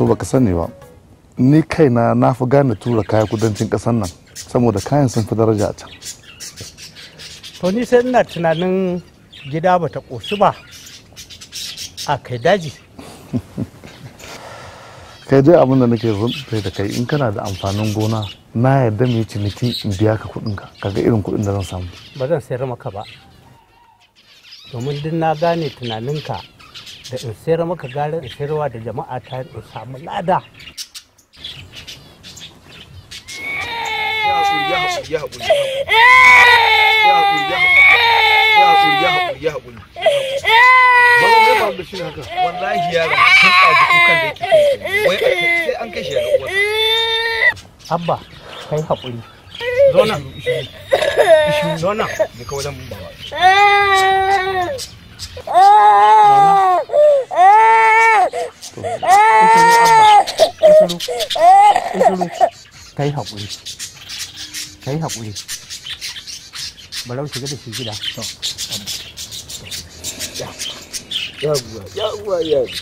to baka sani ba ni kaina na fi gane tura kaya kudancin ƙasar nan saboda kayan sun fi daraja a can to ni sai ina tunanin gida ba ta ƙoshi ba a kai daji kai dai abin da nake zai da kai in kana da amfanin gona na yarda mai ciniki in biya ka kuɗin ka kaga irin kuɗin da zan samu ba zan sayar maka ba domin duk na gane tunaninka da in sayar maka gara in sayarwa da jama'a ta in samu lada abba kai haƙuri zona zona da kawai zan mun ka yi da shi gida yaguwa yaguwa yaguwa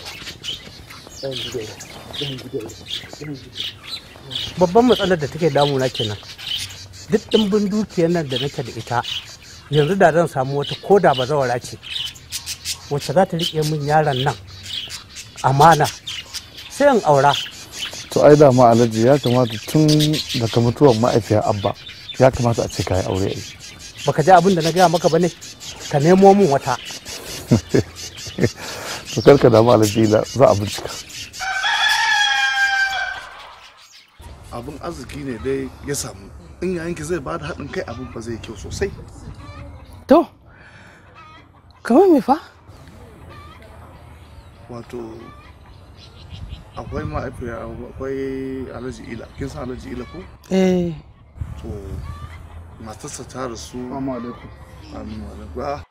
babban matsalar da take na kenan duk ɗimbin dukiyar nan da nake da ita yanzu da zan samu wata koda ba zawara ce wacce za ta riƙe min yaron nan amana sai in aura to ai da ma alhaji ya kamata tun daga mutuwar ma'aifiyar abba ya kamata a ce ka yi aure ai baka ji abin da na gaya maka bane ka nemo min wata to karka dama ma da za a bincika abin arziki ne dai ya samu in yayanki zai ba da haɗin kai abin ba zai kyau sosai to kamar me fa wato akwai ma'aifiya akwai alhaji ila kin san alhaji ila ko eh to matarsa ta rasu assalamu alaikum amin alaikum ah.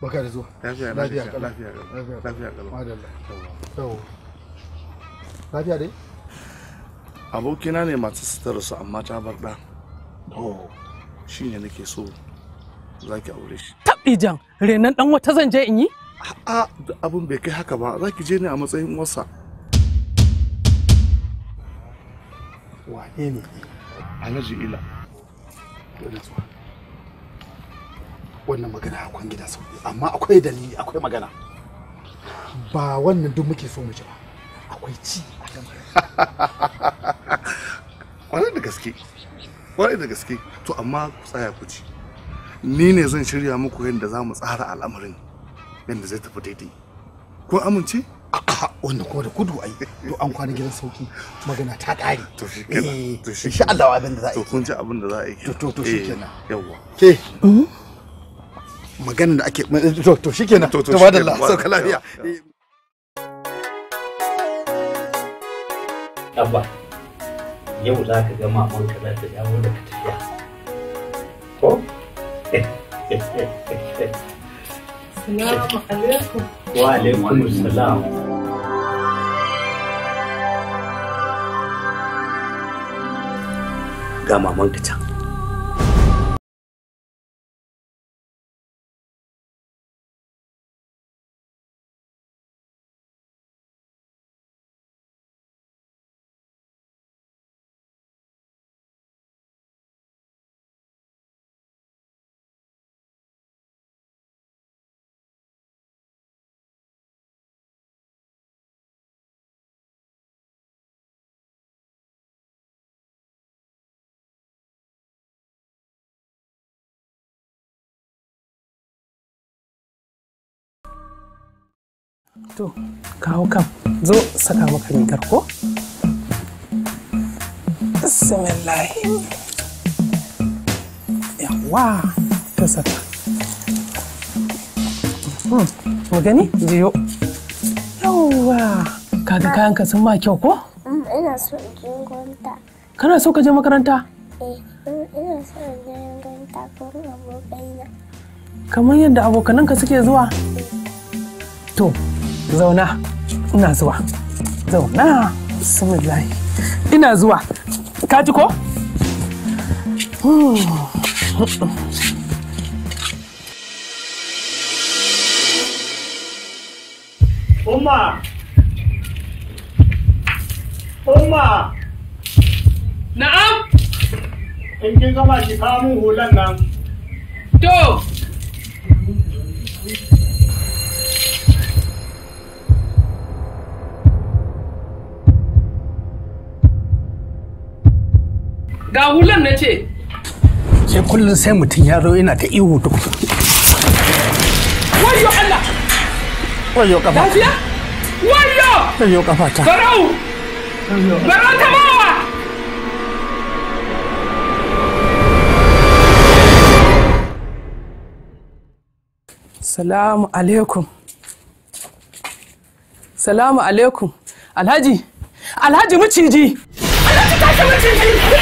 baka da zuwa lafiya lafiya lafiya lafiya kalau madalla to lafiya dai abokina ne matarsa ta rasu amma ta bar da oh shine nake so zaki aure shi tabi jan renan dan wata zan je in yi a'a da abin bai kai haka ba za ki je ne a matsayin wasa wane ne alhaji ila wannan magana akwai gida sau amma akwai dalili akwai magana ba wannan duk muke so mu ji ba akwai ci a kwarai da gaske kwanar da gaske to amma ku tsaya ku ci ni ne zan shirya muku yadda za mu tsara al'amarin yadda zai tafi daidai ko amince wanda kuma da kudu ai to an kwana gidan sauki magana ta kare to shi kenan eh, to shi insha Allah abin da za a yi to kun ji abin da za a yi to to shi kenan eh, yawa ke mm-hmm. magana da ake to to shi kenan to ba da Allah sauka lafiya abba yau za ka ga maman ka za ta dawo ka tafiya ko Assalamu alaikum. ga mamanka can To, kawo kam. Zo saka maka rigar ko? Bismillah. Yawa, ta saka. Hmm, mu gani? Jiyo. Yawa. Kaga kayanka sun ma kyau ko? Mm, ina so in je makaranta. Kana so ka je makaranta? Eh, mm, ina so in je makaranta ko abokaina. Kamar yadda abokananka suke zuwa? Eh. To, zauna ina zuwa zauna bismillah ina zuwa ka ji ko Umma! Umma! Na'am! In kin gama ki kawo mun hulan nan. To! ga hulan na ce sai kullum sai mutum ya zo yana ta ihu duk wayo Allah wayo kafa lafiya wayo wayo kafa ta barau barau ta mawa salamu alaikum salamu alaikum alhaji alhaji maciji alhaji tashi maciji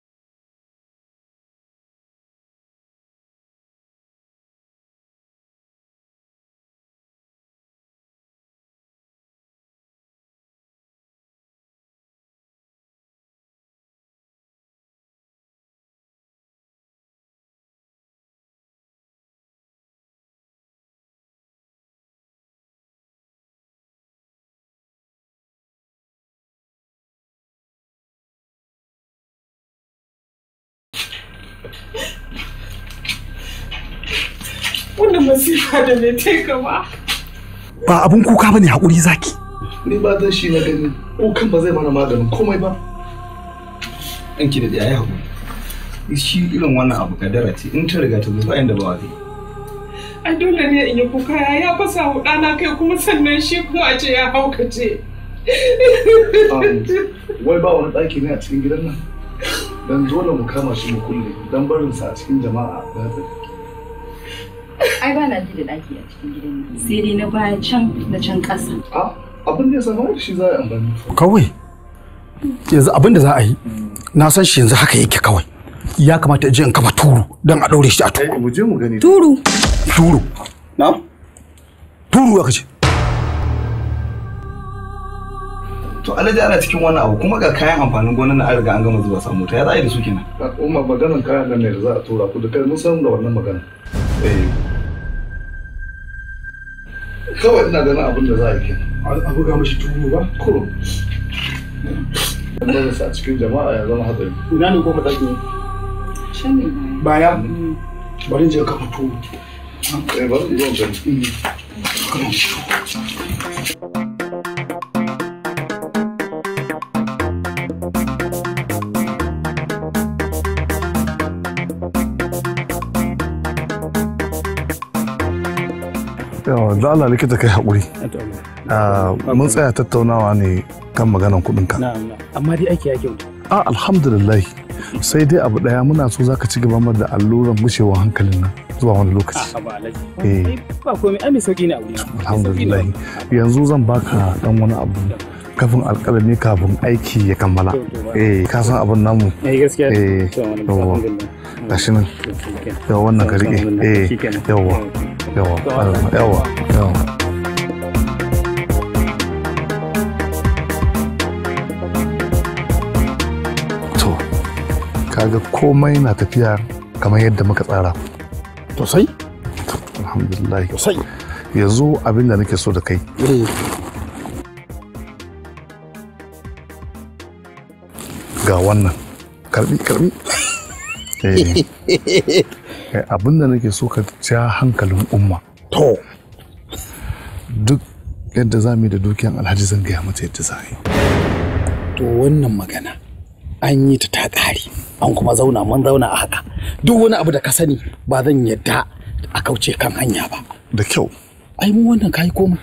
kuka da me kai ba ba abun kuka bane hakuri zaki ni ba zan shi na gani kukan ba zai mana maganin komai ba An ki da ya yi hakuri shi irin wannan abu kadara ce in ta riga ta zo bayan da ba zai ai dole ne in yi kuka ya fasa hudana kai kuma sannan shi kuma a ce ya haukace wai ba wani ɗaki ne a cikin gidan nan dan dole mu kama shi mu kulle dan barinsa a cikin jama'a da Ai ba na ji da ɗaki a cikin gidan nan. Sai dai na baya can da can ƙasa. A abin da ya samu da shi za a yi amfani. Kawai. Yanzu abin da za a yi. Na san shi yanzu haka yake kawai. Ya kamata in je in kafa turu don a ɗaure shi a turu. Turu. Turu. Na? Turu aka ce. to alhaji ana cikin wannan abu kuma ga kayan amfanin gonan na arga an gama zuwa samu ta ya za a yi da su kenan umma maganar kayan nan ne da za a tura ku da kai mun san da wannan magana eh kawai ina ganin abin da za a yi kenan abu ga mashi tuwo ba kurum wannan sa cikin jama'a ya zama hatsari ina ne ko ka tsaki ne baya bari je ka fito eh bari je ka fito yawa da Allah likita kai haƙuri ah, mun tsaya tattaunawa ne kan maganan kuɗinka amma dai ake yake a ah, alhamdulillah sai dai abu ɗaya muna so zaka ci gaba da alluran gushewa hankalin nan zuwa wani lokaci ah, eh ba komai sauki ne a wuri alhamdulillah yanzu zan baka dan wani abu kafin alƙalami kafin aiki ya kammala eh ka san abin namu eh gaskiya eh yawa gashi nan wannan ka rike eh yawa yawa yawa yawa to kaga komai na tafiya kamar yadda muka tsara to sai alhamdulillah to sai yanzu abin da nake so da kai eh. ga wannan karbi karbi eh abin da nake so ka ja hankalin umma to duk yadda za mu yi da dukiyan alhaji zan gaya mata yadda za yi to wannan magana an yi ta ta ƙari an kuma zauna mun zauna a haka duk wani abu da ka sani ba zan yadda a kauce kan hanya ba da kyau ai mu wannan kai komai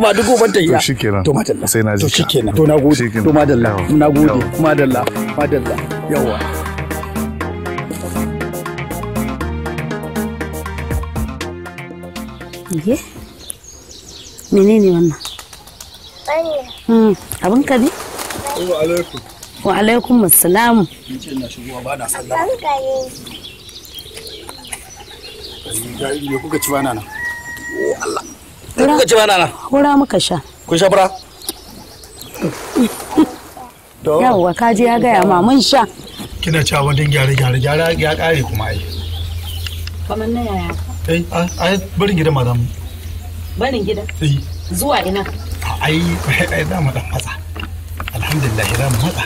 ma duk goban ta iya to shikenan to madalla sai na ji to shikenan to nagode to madalla nagode madalla madalla yawa Ye? Menene wannan? Hmm, abin ka ne? Wa alaikum. Wa kuka ci bana na wura muka sha. Kun sha fura? Yawwa kaji ya gaya ma mun sha. Kina cewa wajen gyare gyare gyara ya kare kuma ai. kamar na yaya eh ai barin gida madam barin gida eh zuwa ina ai ai za mu dan matsa alhamdulillah za mu matsa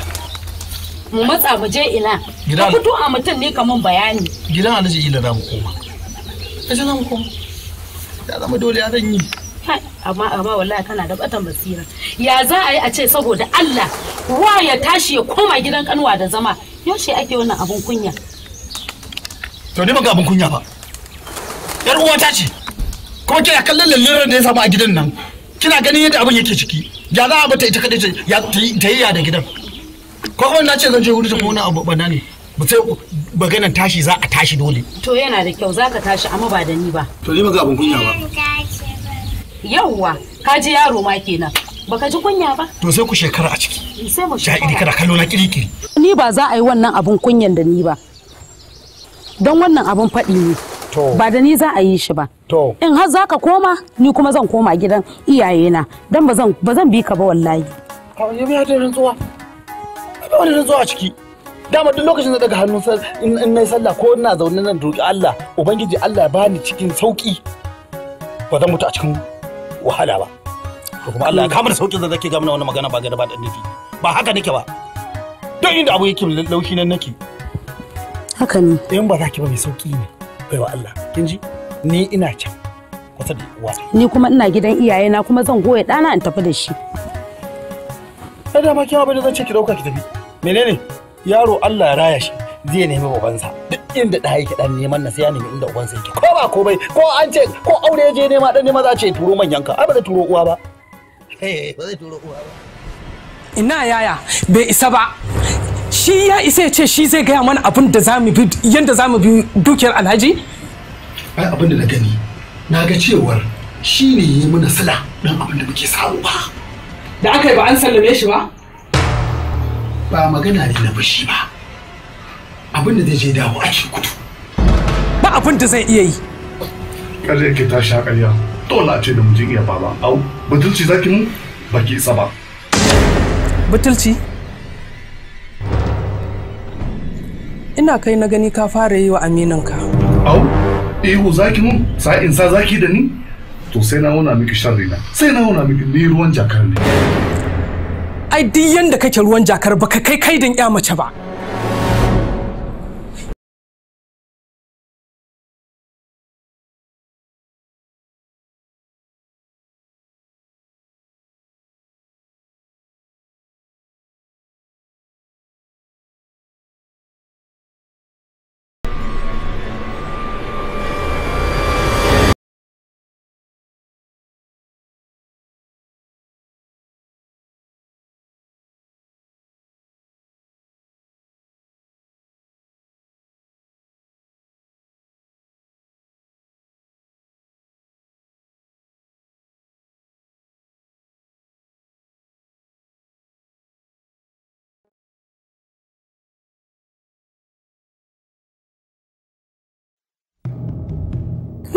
mu matsa mu je ina ka fito a mutum ne kamar bayani gidan alhaji ila za mu koma ka ji za mu koma ya zama dole ya zan yi amma amma wallahi kana da batan basira ya za a yi a ce saboda Allah wa ya tashi ya koma gidan kanwa da zama yaushe ake wannan abun kunya to ni baka abin kunya ba yar uwata ce kuma kina kallon lallurar da ya samu a gidan nan kina ganin yadda abin yake ciki ya za a bata ita kadai ta yi ya da gidan ko kuma na ce zan je wurin wani abu bana ne ba sai maganan tashi za a tashi dole to yana da kyau za ka tashi amma ba da ni ba to ni baka abin kunya ba yawwa ka ji yaro ma kenan baka ji kunya ba to sai ku shekara a ciki sai mu shekara kana kallo na kirikiri ni ba za a yi wannan abun kunyan da ni ba don wannan abin faɗi ne ba da ni za a yi shi ba in har za ka koma ni kuma zan koma gidan iyayena don ba zan bi ka ba wallahi rantsuwa wani rantsuwa a ciki dama duk lokacin da daga hannu in na sallah ko ina zaune nan roƙi Allah ubangiji Allah ya bani cikin sauki ba zan mutu a cikin wahala ba to kuma Allah ya kama da saukin da zake ga mana wannan magana ba ga da ba da nufi ba haka nake ba don inda abu yake laushi nan nake haka ne in ba za ki ba mai sauki ne baiwa Allah kin ji ni ina can kusa da uwa ni kuma ina gidan iyaye na kuma zan goye dana in tafi da shi sai da ma kin abin da zan ce ki dauka ki tafi menene yaro Allah ya raya shi zai nemi babansa duk inda da yake dan neman na sai ya nemi inda ubansa yake ko ba komai ko an ce ko aure je nema dan nema za ce turo manyan ka ai ba zai turo uwa ba eh ba zai turo uwa ba ina yaya bai isa ba shi ya isa ya ce shi zai gaya mana abin da za mu bi yadda za mu bi dukiyar alhaji ai abin da na gani na ga cewar shi ne yi mana sila don abin da muke samu ba da aka yi ba an sallame shi ba ba magana ne na bashi ba abin da zai je dawo a cikin kudu ba abin da zai iya yi ƙarya ke ta a ƙarya dole a ce da mutum iya ba ba au butulci zaki mu ki isa ba butulci ina kai na gani ka fara yi wa aminanka. Au, ihu zaki mun in sa zaki da ni? To sai na wuna miki sharri na, sai na wuna miki ni ruwan jakar ne. Ai duk da kake ruwan jakar baka kai kaidin ya mace ba.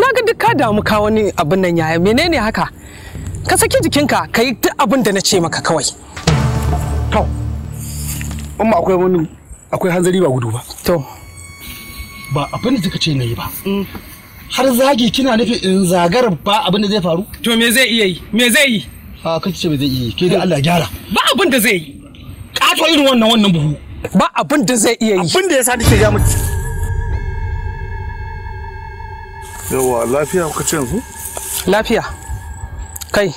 na ga duk ka damu ka wani abin nan yaya menene haka ka saki jikinka ka yi duk abin da na ce maka kawai to ma akwai wani akwai hanzari ba gudu ba to ba abin da kika ce na yi ba mm. har zagi kina nufi in zagar ba abin da zai faru to me zai iya yi me zai yi a ka ce me zai iya yi ke da Allah gyara ba abin da zai yi to irin wannan wannan buhu ba abin da zai iya yi abin da yasa nake ga mutu. yawa lafiya kuka ce yanzu lafiya kai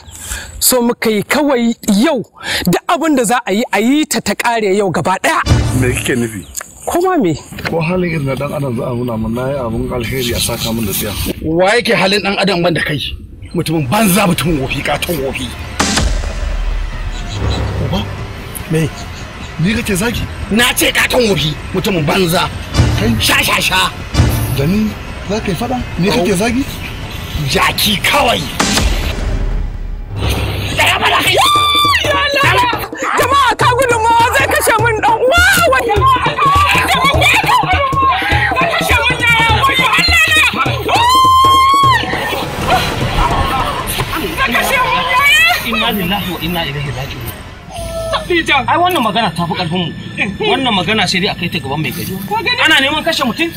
so muka yi kawai yau da abin da za a yi a yi ta ta kare yau gaba daya me kike nufi kuma me ko halin irin dan adam za a nuna mun nayi abun alheri a saka min da tsiya wa yake halin dan adam ban da kai mutumin banza mutumin wofi katon wofi uba me ni kake zaki na ce katon wofi mutumin banza kai sha sha sha da ni za yi fada ne kake zagi jaki kawai jama'a ka gudunmawa zai kashe min ɗan uwa magana ta fi Wannan magana sai dai a kai ta gaban mai gari. Ana neman kashe mutum?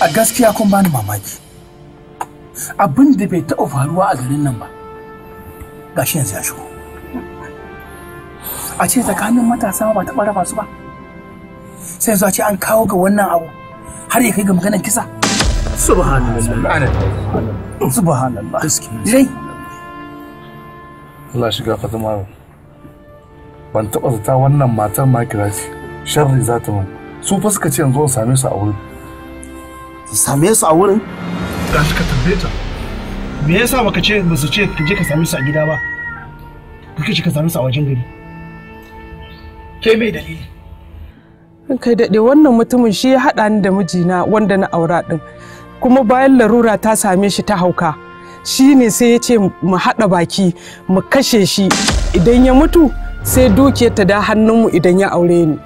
a gaskiya kun bani mamaki abin da bai taɓa faruwa a garin nan ba ga shi yanzu ya shigo a ce tsakanin matasa ba taɓa raba su ba sai zuwa ce an kawo ga wannan abu har ya kai ga maganar kisa subhanallah subhanallah dai Allah shiga fatima ban taɓa zata wannan matar ma kira ce sharri za ta mun su fuska ce yanzu same su a wurin ka same su a wurin da suka tambaye ta me yasa baka ce ba su ce ka je ka same su a gida ba kake ce ka same su a wajen gari ke mai dalili kai daɗe wannan mutumin shi ya haɗa ni da mijina wanda na aura ɗin kuma bayan larura ta same shi ta hauka shi ne sai ya ce mu haɗa baki mu kashe shi idan ya mutu sai duke ta da hannunmu idan ya aure ni.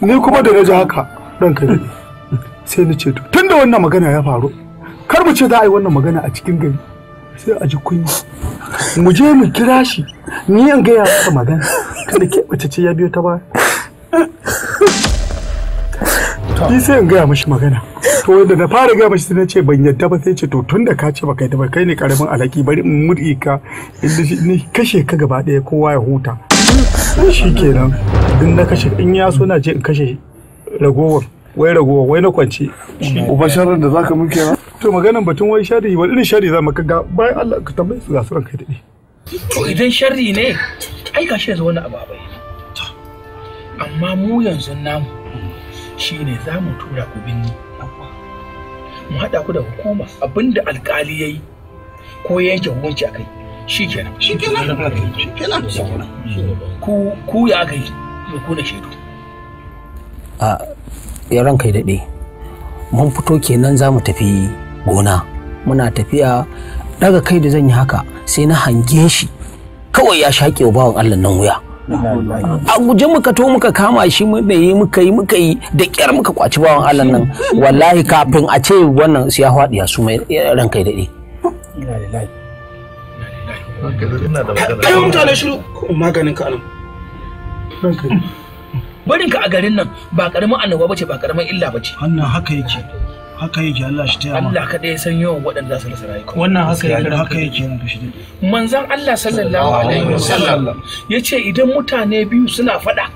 Ni kuma da na ji haka ranka ne. Sai ni ce to tunda wannan magana ya faru kar mu ce za a yi wannan magana a cikin gari sai a ji kunyi. Mu je mu kira shi ni an gaya masa magana kada ke ce ya biyo ta ba. ni sai in gaya mashi magana to wanda na fara gaya mashi na ce ban yadda ba sai ce to tun da ka ce kai da ba kai ne karamin alaki bari in murɗi ka ni kashe ka gaba daya kowa ya huta shi kenan in na kashe in ya so na je in kashe ragowar wai ragowar wai na kwance uba sharar da zaka mun kenan to maganan batun wai sharri wani irin shari za ka ga bayan Allah ka tambaye su ga su ranka daɗe to idan shari ne ai gashi yanzu wani abu abai amma mu yanzu namu shine za mu tura ku binni mu haɗa ku da hukuma abinda alkali yayi yi ko yanke hukunci a kai shi kenan shi ku ya kai mu ku shaidu a yaran kai daɗe mun fito kenan za mu tafi gona muna tafiya daga kai da zan yi haka sai na hange shi kawai ya shaƙe wa bawan allah nan wuya a guje muka to muka kama shi muka yi muka yi muka yi da kyar muka kwaci bawan Allah nan wallahi kafin a ce wannan siya ya ya su mai ran kai daɗe kai shiru maganin ka anan barin ka a garin nan ba karamin annoba ce ba karamin illa ce. Hannan haka yake haka yake Allah shi taya Allah ka dai san yawan waɗanda za su rasa rayuka wannan haka yake haka yake ranka shi manzon Allah sallallahu alaihi wasallam yace idan mutane biyu suna fada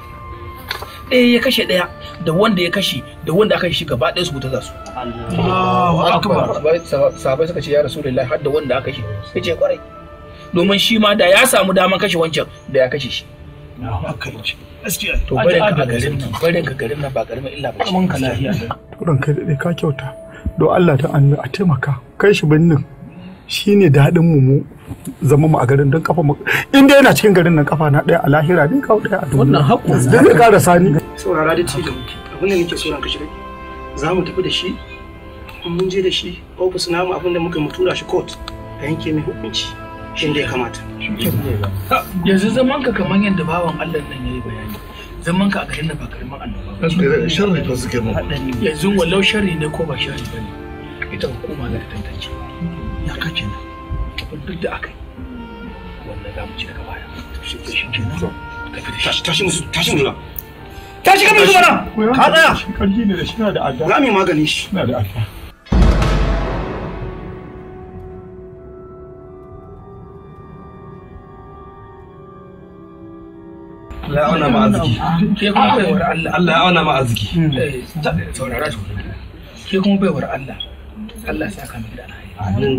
ɗaya ya kashe ɗaya da wanda ya kashe da wanda aka shi gaba ɗaya su wuta za su Allahu akbar sahabbai suka ce ya rasulullahi har da wanda aka shi yace kwarai domin shi ma da ya samu daman kashe wancan da ya kashe shi haka yake gaskiya to barin ka garin nan barin ka garin nan ba garin illa ba mun ka lafiya kuran kai dai ka kyauta don Allah ta annabi a taimaka kai shi binnin shi ne daɗin mu mu zama mu a garin don kafa in dai yana cikin garin nan kafa na ɗaya a lahira ne kawo ɗaya a duniya wannan hakku da zai ƙara sani saurara da ci abin da nake so ka za mu tafi da shi mun je da shi ofis namu abin da muka mu tura shi court a yanke mai hukunci shi da ya kamata yanzu zaman ka kamar yadda bawan Allah nan yayi bayani zaman ka a garin da ba karamin annoba eh, eh, sharri fa suke mu yanzu wallau sharri ne ko ba sharri bane ita hukuma za tantance ya kace na duk da akai wannan za mu ci daga baya shi ke kenan tashi tashi musu tashi musu tashi ka musu mana ka tsaya shi karfi ne da shi na da adda za mu yi maganin shi na da adda Allah ya auna ma arziki ke kuma baiwar Allah Allah auna hmm. eh, Allah ya da amin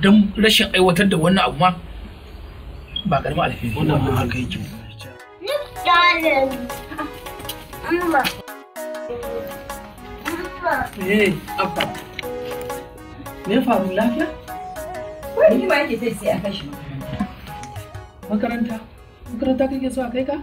domin rashin aiwatar da wannan abu ma ba karma alfi. wannan ba haka yake Amma. Eh, abba. Me faru lafiya? Wani ma yake sai a kashi Makaranta? कृतज्ञ स्वागत का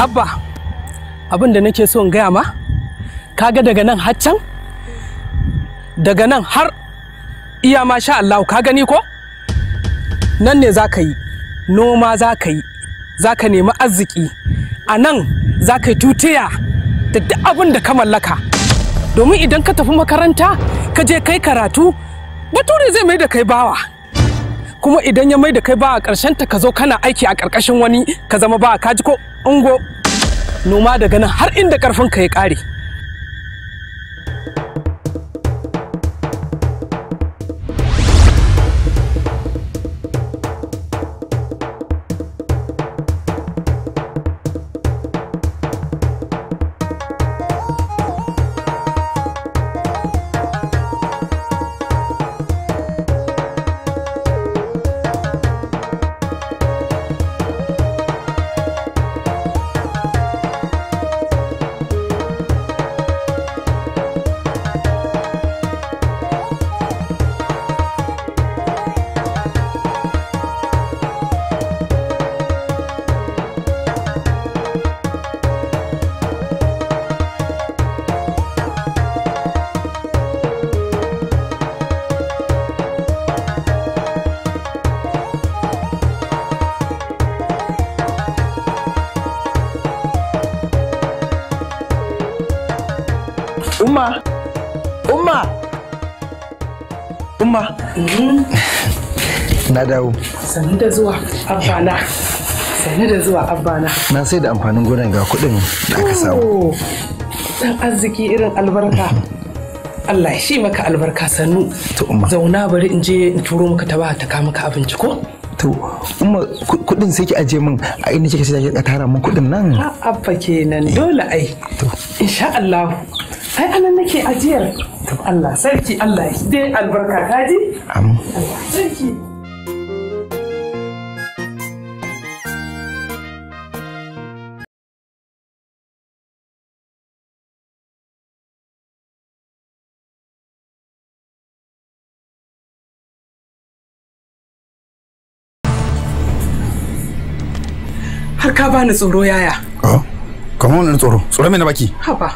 abba abin da nake so in gaya ma kaga daga nan haccan daga nan har iya ma sha Allah ka gani ko nan ne za ka yi noma za ka yi za ka nemi arziki a nan za ka yi tutiya da duk abin da ka mallaka domin idan ka tafi makaranta ka je kai karatu bature zai mai da kai bawa kuma idan ya mai da kai bawa ƙarshen ta ka zo kana aiki a ƙarƙashin wani ka zama bawa ka ji ko ungo noma daga nan har inda karfin ka ya kare na dawo sannu da zuwa amfana. sannu da zuwa abana. na sai da amfanin gonan ga kuɗin da aka samu oh, dan arziki irin albarka Allah shi maka albarka sannu zauna bari in je in turo maka ta ba ta ka maka abinci ko to umma kudin sai ki aje min a ina kika sai ki tara min kudin nan abba kenan eh. dole ai insha Allah ai anan nake ajiyar Allah sarki Allah dai albarka kaji amin sarki ba ni tsoro yaya oh kamar wani tsoro tsoro mai na baki haba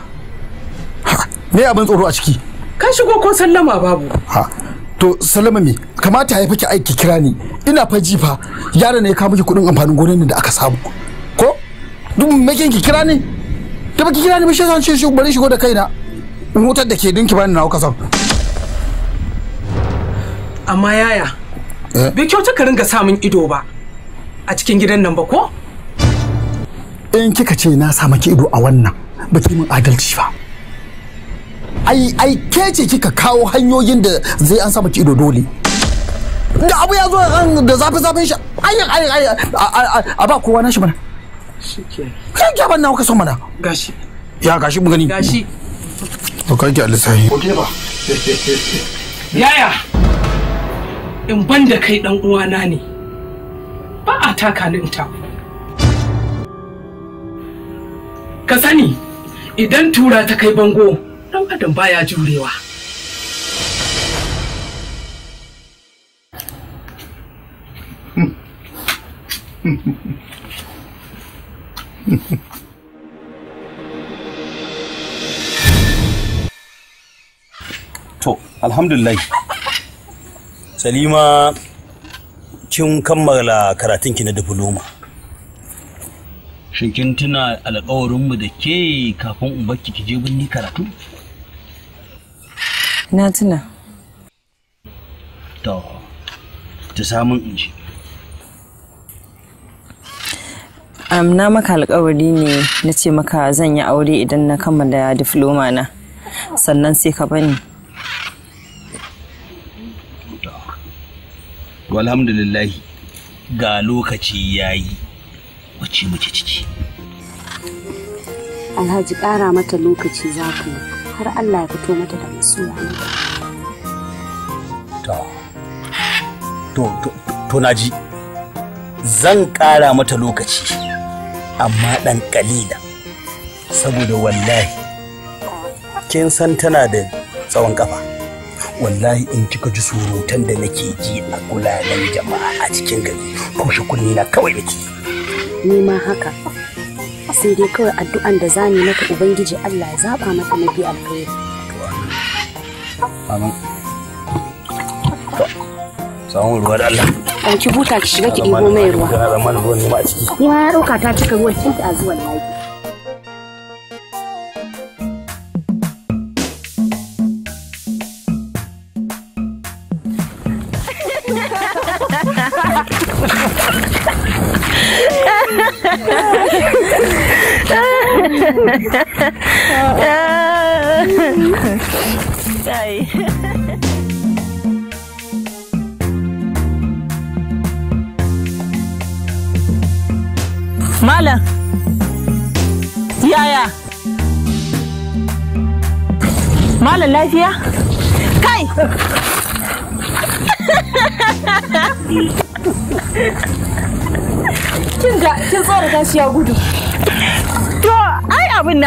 ha me abin tsoro a ciki ka shigo ko sallama babu ha to sallama me kamata ya fake aiki kira ni ina fa jifa yaro ne ya kawo miki kudin amfanin gonan da aka samu ko duk me ki kira ni da baki kira ni ba shi san shi bari shigo da kaina in hutar da ke dinki bani na nawa kasan amma yaya eh? bai kyauta ka ringa samun ido ba a cikin gidan nan ba ko in kika ce na sa maki ido a wannan ba ki min adalci ba ai ai ke ce kika kawo hanyoyin da zai an sa maki ido dole da abu ya zo da zafi zafin shi ai ai ai a ba kowa shi mana shi ke ban nawa ka so mana gashi ya gashi mu gani gashi to kai ki alisahi ko ba yaya in ban da kai dan uwana ne ba a taka ni in taku ka sani idan tura ta kai bango dan adam baya jurewa to alhamdulillah salima kin kammala karatunki na diploma shin kin tuna alƙawarinmu da ke kafin in bakki ki je binni karatu na tuna to ta samun in ji um, na maka alƙawari ne na ce maka zan yi aure idan na kammala difloma na sannan sai ka bani alhamdulillah ga lokaci yayi taɓa ci ciki alhaji ƙara mata lokaci za ku yi har allah ya fito mata da masu to to na ji zan ƙara mata lokaci amma ɗan ƙalila saboda wallahi kin san tana da tsawon kafa wallahi in kika ji surutan da nake ji a kulalen jama'a a cikin gari kushe kunni na kawai nake ni ma haka sai dai kawai addu'an da zani maka ubangiji Allah ya zaba maka mafi alkhairi amin samun ruwa da Allah an ki buta ki shiga ki ɗigo mai ruwa ni ma ya ɗauka ta cika ruwan kinta a zuwan lafiya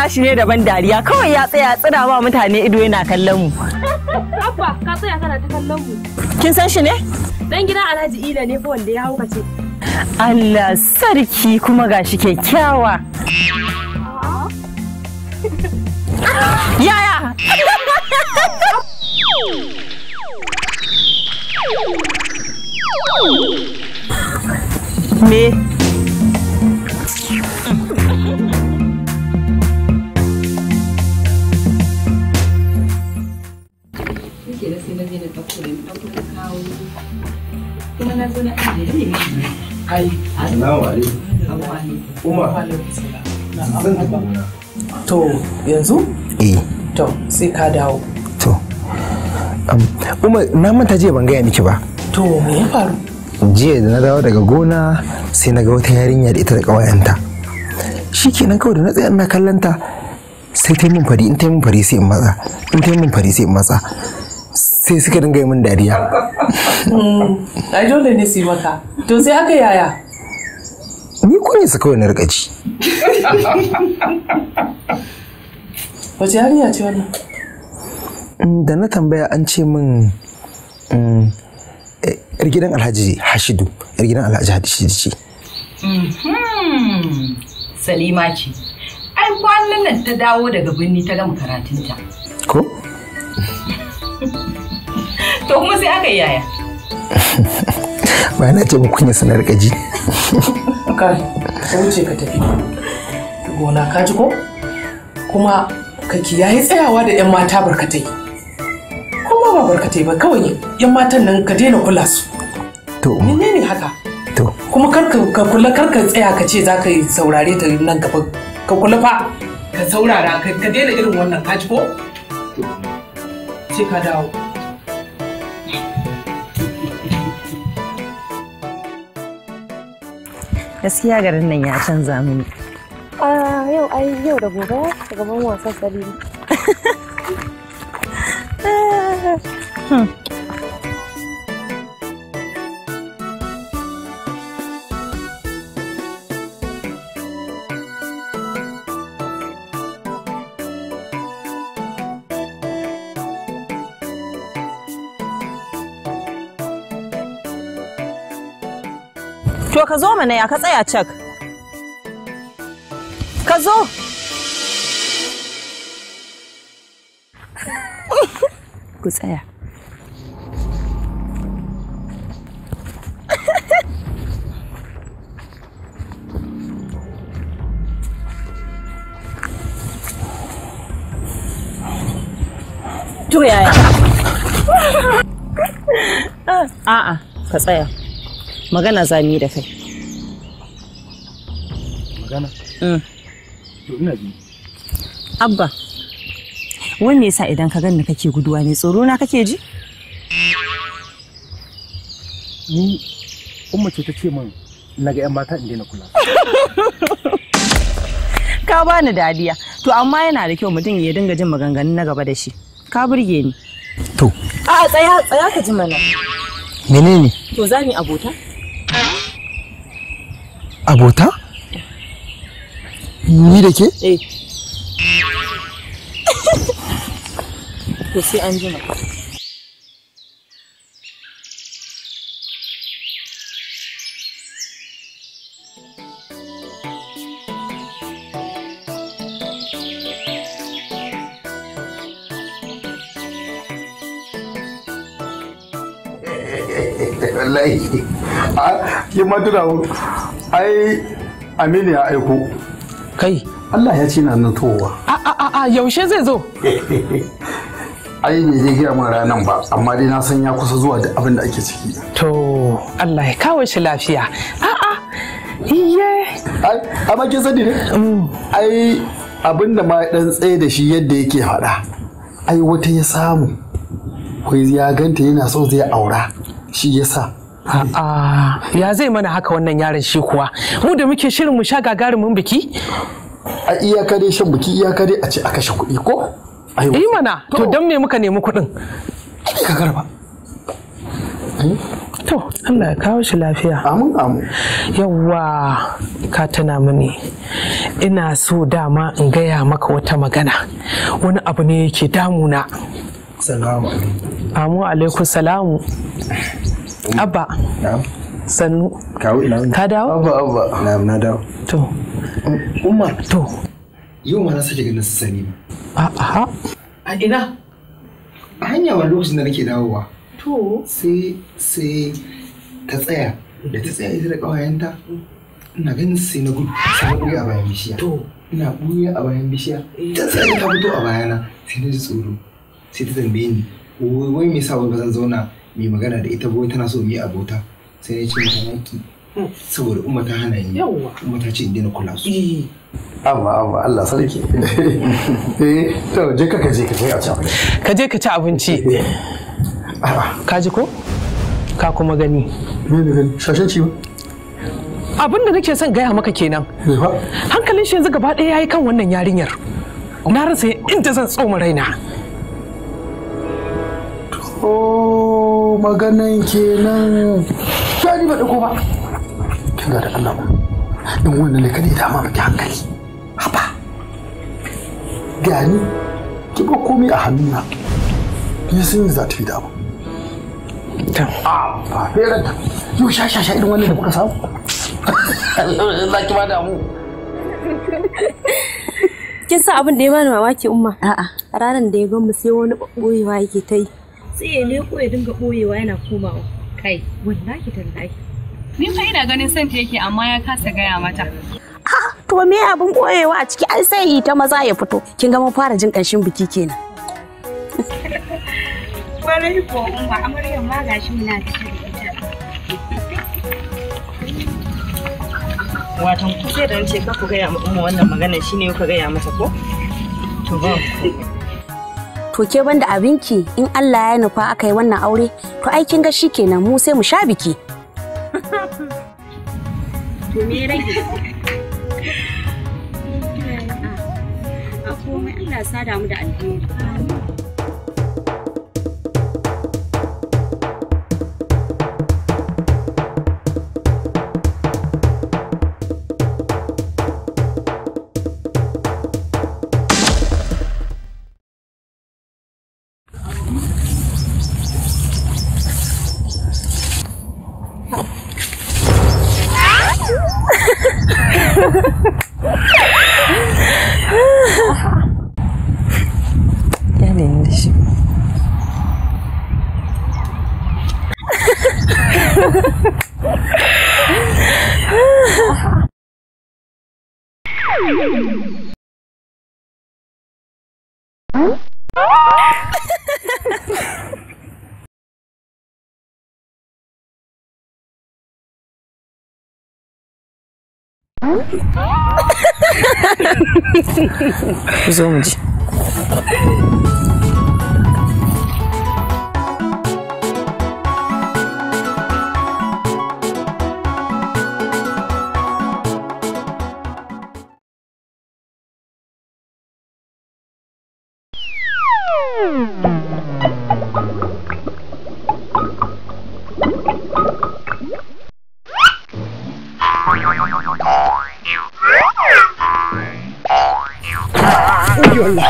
shi ne daban dariya kawai ya tsaya tsira ma mutane ido yana kallon mu abba ka tsaya kana ta kallon mu kin san shi ne dan gidan alhaji ila ne fa wanda ya haukace Allah sarki kuma gashi kyakkyawa ba to yanzu eh to sai ka dawo to um, umar na manta jiya ban gaya miki ba to me ya faru jiya da na dawo daga gona sai na ga wata yarinya da ita da ƙawayenta shi kenan kawai da na tsaya ina kallon ta sai ta min fari in ta min fari sai in matsa in ta min fari sai in matsa sai suka dinga yi min dariya hmm, ai dole ne su maka to sai aka yaya ni kwarin sa kawai na rika ji wace ya ce wannan mm, da na tambaya an ce min yar mm, eh, gidan alhaji hashidu yar gidan alhaji hashidu ce mm-hmm. salima ce ai kwanan nan ta dawo daga birni ta gama karatunta ko to kuma sai aka yi yaya ba na ce muku ne sanar gaji kai ka wuce ka tafi gona ka ji ko kuma ka kiyaye tsayawa da yan mata barkatai kuma ba barkatai ba kawai yan matan nan ka daina kula su to menene haka to kuma kar ka kula kar ka tsaya ka ce za ka yi saurare ta nan gaba ka kula fa ka saurara ka daina irin wannan ka ji ko ce ka dawo gaskiya garin nan ya canza mini yau ai yau da gobe gaban wasan sabili To ka zo mana ya ka tsaya cak. Ka zo. Ku tsaya. To yaya? A'a, ah, ah, ka tsaya. magana za mu yi da kai magana mm. to ina ji abba wani me yasa idan ka ganni kake guduwa ne tsoro na kake ji ni umma ce ta ce min na ga 'yan mata inda na kula ka bani dadiya to amma yana da kyau mutum ya dinga jin maganganun na gaba da shi ka burge ni to a tsaya tsaya ka ji mana menene to za mu abota abota ni da ke eh. to sai an jima wallahi ah, ai aminu ya aiko kai Allah ya ce na nan towa a a a yaushe zai zo ai ne zai gira mun ranar ba amma dai na san ya kusa zuwa da abin da ake ciki to Allah ya kawo shi lafiya a a iye ai amma kin sani ne mm. ai abin da ma dan tsaye da shi yadda yake hada ai wata ya samu ko ya ganta yana so zai aura shi yasa A'a ya zai mana haka wannan yaron shi kuwa mu da muke shirin mu sha gagarumin biki? A iyaka dai shan biki iyaka dai a ce a kashe kuɗi ko? Yi mana to don me muka nemi kuɗin? Ka garba. Eh? To Allah ya kawo shi lafiya. Amin amin. Yawwa ka tuna mini ina so dama in gaya maka wata magana wani abu ne yake damuna. Salamu alaikum. Amu alaikum salamu. abba sannu ina ka dawo abba abba na dawo to umar to yau ma na sake ganin su sani ba a a ina a hanya wani lokacin da nake dawowa to sai sai ta tsaya da ta tsaya ita da kawayenta, ina ganin sai na gudu sai na buya a bayan bishiya to ina buya a bayan bishiya ta tsaya ta fito a bayana sai na ji tsoro sai ta tambaye ni wai me yasa wai ba zan zauna mai magana da ita boye tana so mu yi abota sai na ce mata naki hmm. saboda umma ta hana yi umma ta ce in daina kula su eh. amma amma Allah sarki eh to je ka kaje ka je a ci abinci ka je ka ci abinci eh. ka ji ko ka kuma gani me ne shashin ci ba abin da nake son gaya maka kenan hankalin shi yanzu gaba ɗaya yayi kan wannan yarinyar na rasa inda zan tsoma raina Oh. maganan kenan to ba dako ba kin ga da Allah in wannan ne kade ya dama miki hankali haba gani ki ba komai a hannuna ki sun yi zata fida da ah, ba a ba fere ta yau sha sha sha irin wannan da kuka samu za ki da damu kin san abin da ya bani mamaki umma a'a ranar da ya gan mu sai wani ɓoyewa yake ta yi tsaye ne ko ya dinga boyewa yana komawa kai wallahi tallahi ni fa ina ganin son ta yake amma ya kasa gaya mata ah, to me abun koyewa a ciki ai sai ta maza ya fito kin ga mun fara jin kanshin biki kenan yi ko umma amaryar ma gashi muna tafi da ita watan ku sai da ce ka ku gaya ma umma wannan magana shine ku gaya mata ko to ba to ke banda abinki in Allah ya nufa aka yi wannan aure to ai kin ga shikenan mu sai mu sha biki to me rage a komai Allah sada mu da alheri aqui. Zonde. You're life.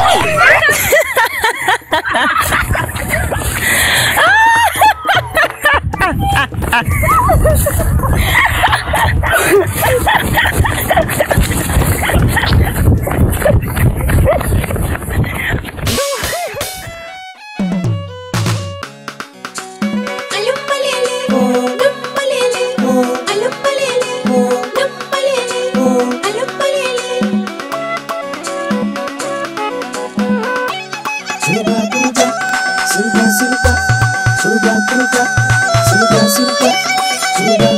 るかするかそれが来るかそれがするかそれ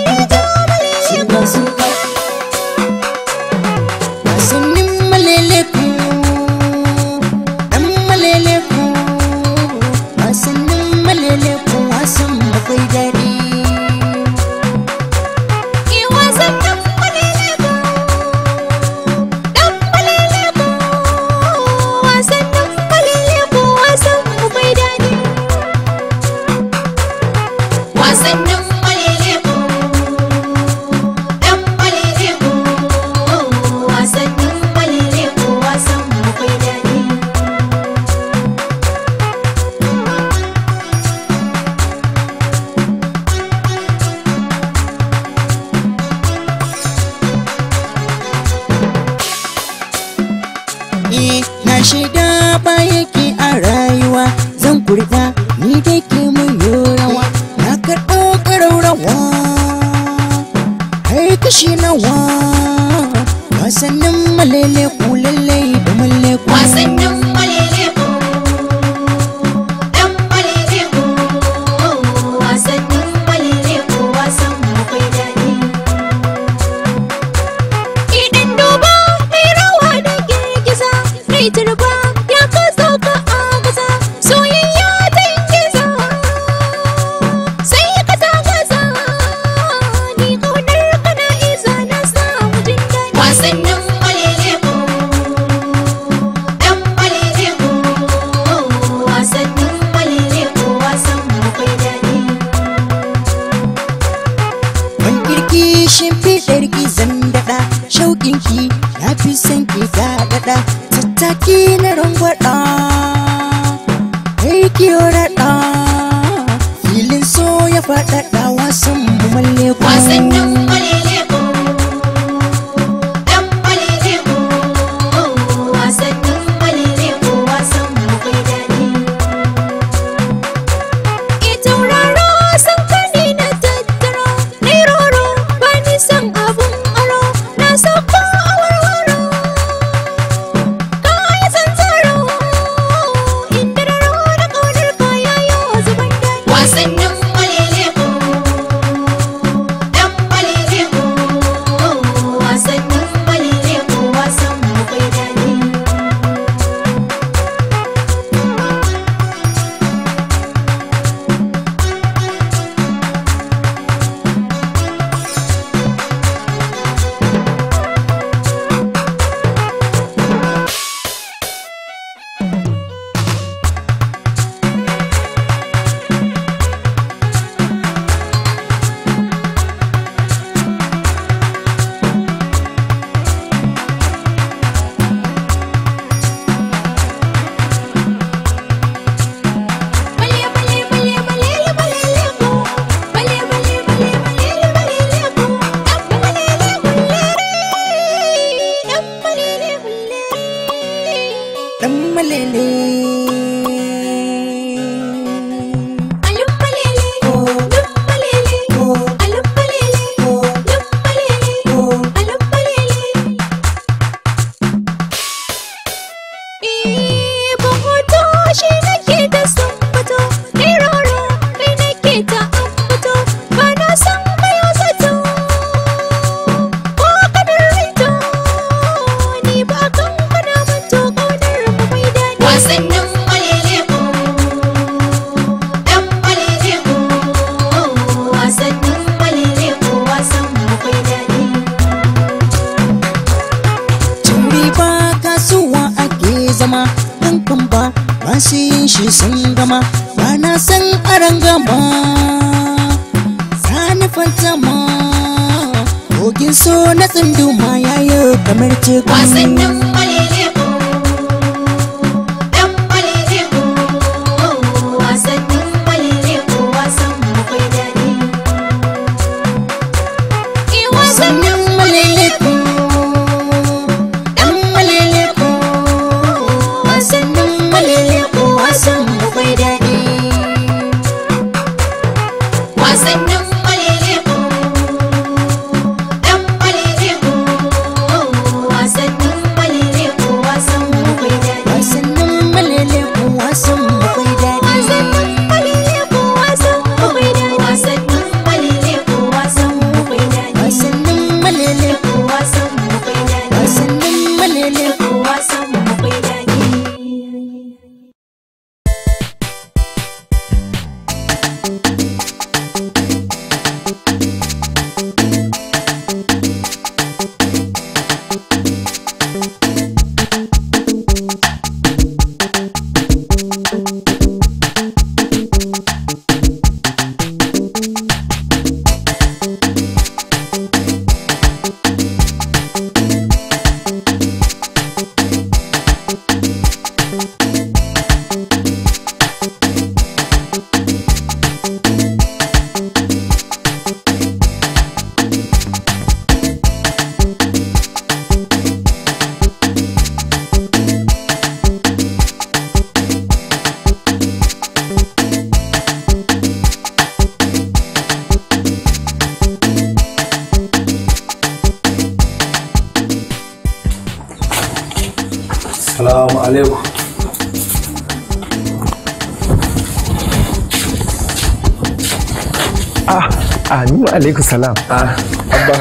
alaikum salam ah abba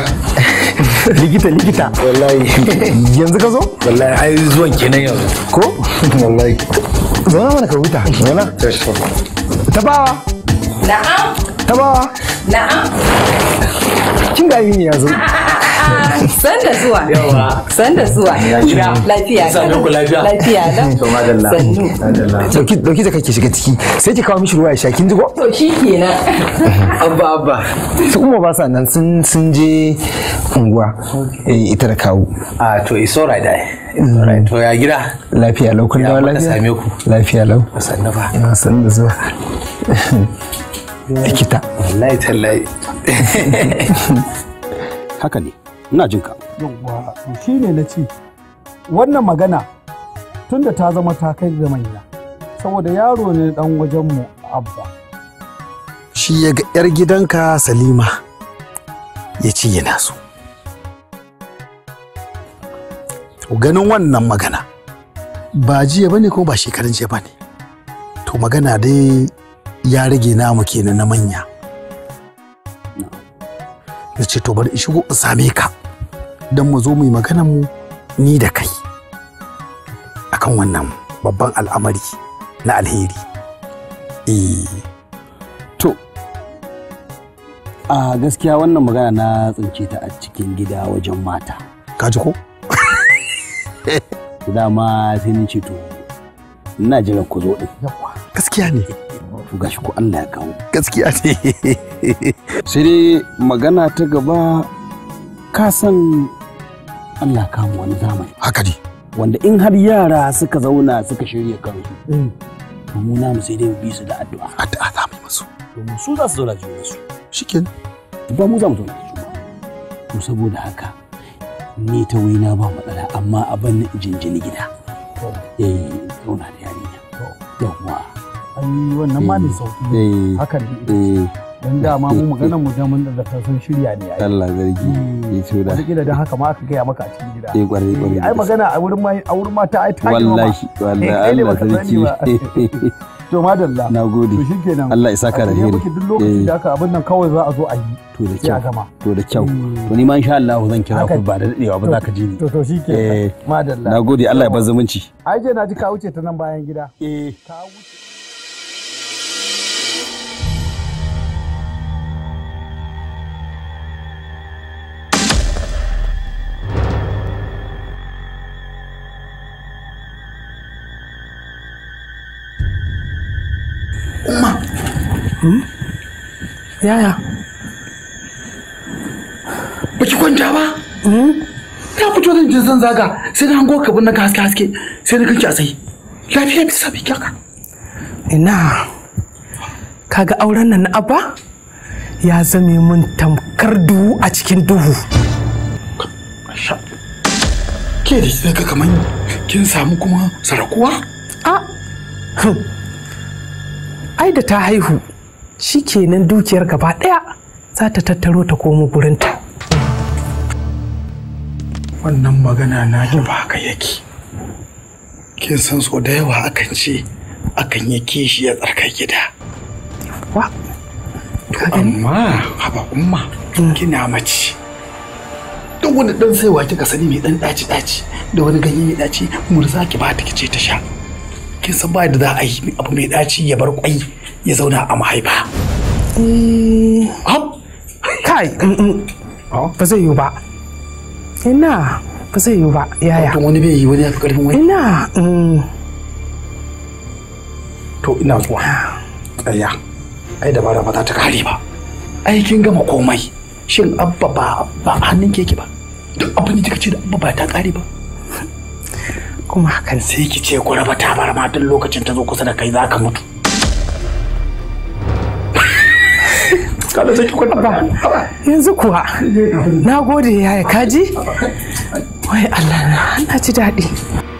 likita likita wallahi yanzu ka zo wallahi ai zuwan kenan yanzu ko wallahi zauna mana ka huta zauna tabawa na'am tabawa na'am kin ga yin yanzu Sanda zuwa. Yawa. Sanda zuwa. Lafiya. Sannu ku lafiya. Lafiya nan. To madalla. Sannu. Dauki dauki da kake shiga ciki sai ki kawo mishi ruwa ya sha kin ji ko? To shi kenan. Abba abba. Su kuma ba sa nan sun sun je unguwa eh, ita da kawo. A to it's right dai. To ya gida? Lafiya lau kun dawo lafiya. Ya same ku. Lafiya lau. Sannu ba. Sannu da zuwa. Ikita. Wallahi tallahi. Haka ne. ina jin ka yawwa to ne na ce wannan magana tunda ta zama ta kai ga manya saboda yaro ne dan wajenmu abba shi ya ga yar gidanka salima ya ci yana so ganin wannan magana ba jiya bane ko ba shekarun jiya bane to magana dai ya rage namu kenan na manya ya ce to bari in shigo in same ka don mu zo mu yi maganar mu ni da kai akan wannan babban al'amari na alheri eh. to a gaskiya wannan magana na tsince ta a cikin gida wajen mata ka ji ko dama sai ni ce to ina jiran ku zo din gaskiya ne gashi ko Allah ya kawo gaskiya ne sai dai magana ta gaba ka san Allah kawo wani zamani haka ne wanda in har yara suka zauna suka shirya kansu mm. to mu na mu sai dai bi su da addu'a addu'a za mu yi musu domin su za su zauna cikin su shikin ba mu za mu zauna cikin su saboda haka ni ta waina ba matsala amma abin jinjini gida ai wannan ma ne eh. sauki eh. haka ne eh. don dama mu magana mu jamin da ta sun shirya ne ai Allah zargi ya hmm. ce da kila dan haka ma aka gaya maka a cikin gida eh kwarai kwarai ai magana a wurin ma a wurin mata ai ta wallahi wallahi Allah zargi to madalla nagode to shikenan Allah ya saka da hiri duk lokacin da aka abin nan kawai za a zo a yi to da kyau to da kyau hmm. to ni ma insha Allah zan kira ku ba da dadewa ba za ka ji ni to to shikenan madalla nagode Allah ya bar zumunci ai je na ji ka wuce ta nan bayan gida eh ka wuce yaya ba ki kwanta ba ta hmm? fito zan jin zan zaga sai na hango kabin na haske haske sai na kanki a tsaye lafiya bisa bi kyaka ina kaga auren nan na abba ya zame mun tamkar duhu a cikin duhu ke da sai ka kaman kin samu kuma sarakuwa a ah, hmm. ai da ta haihu shi kenan dukiyar gaba ɗaya za ta tattaro ta komo gurinta wannan magana na ji ba haka yake kin san so da yawa akan ce akan yi kishi ya tsarkar gida wa amma haba umma gina mace duk wani dan wa kika sani mai dan daci daci da wani ganye mai daci murza ki ba ta kice ta sha kin san ba da za a yi abu mai daci ya bar kwai ya zauna a mahaifa kai ba zai yiwu ba ina ba zai yiwu ba yaya wani bai yi wani ya fi karfin wani ina mm. to ina zuwa tsaya ai da ba za ta kare ba ai kin gama komai shin abba ba ba hannun keke ba duk abin da kika ce da abba ba ta kare ba kuma hakan sai ki ce ku raba tabarma duk lokacin ta zo kusa da kai za ka mutu kada ki kwanta yanzu kuwa na gode yaya kaji wai Allah na ji daɗi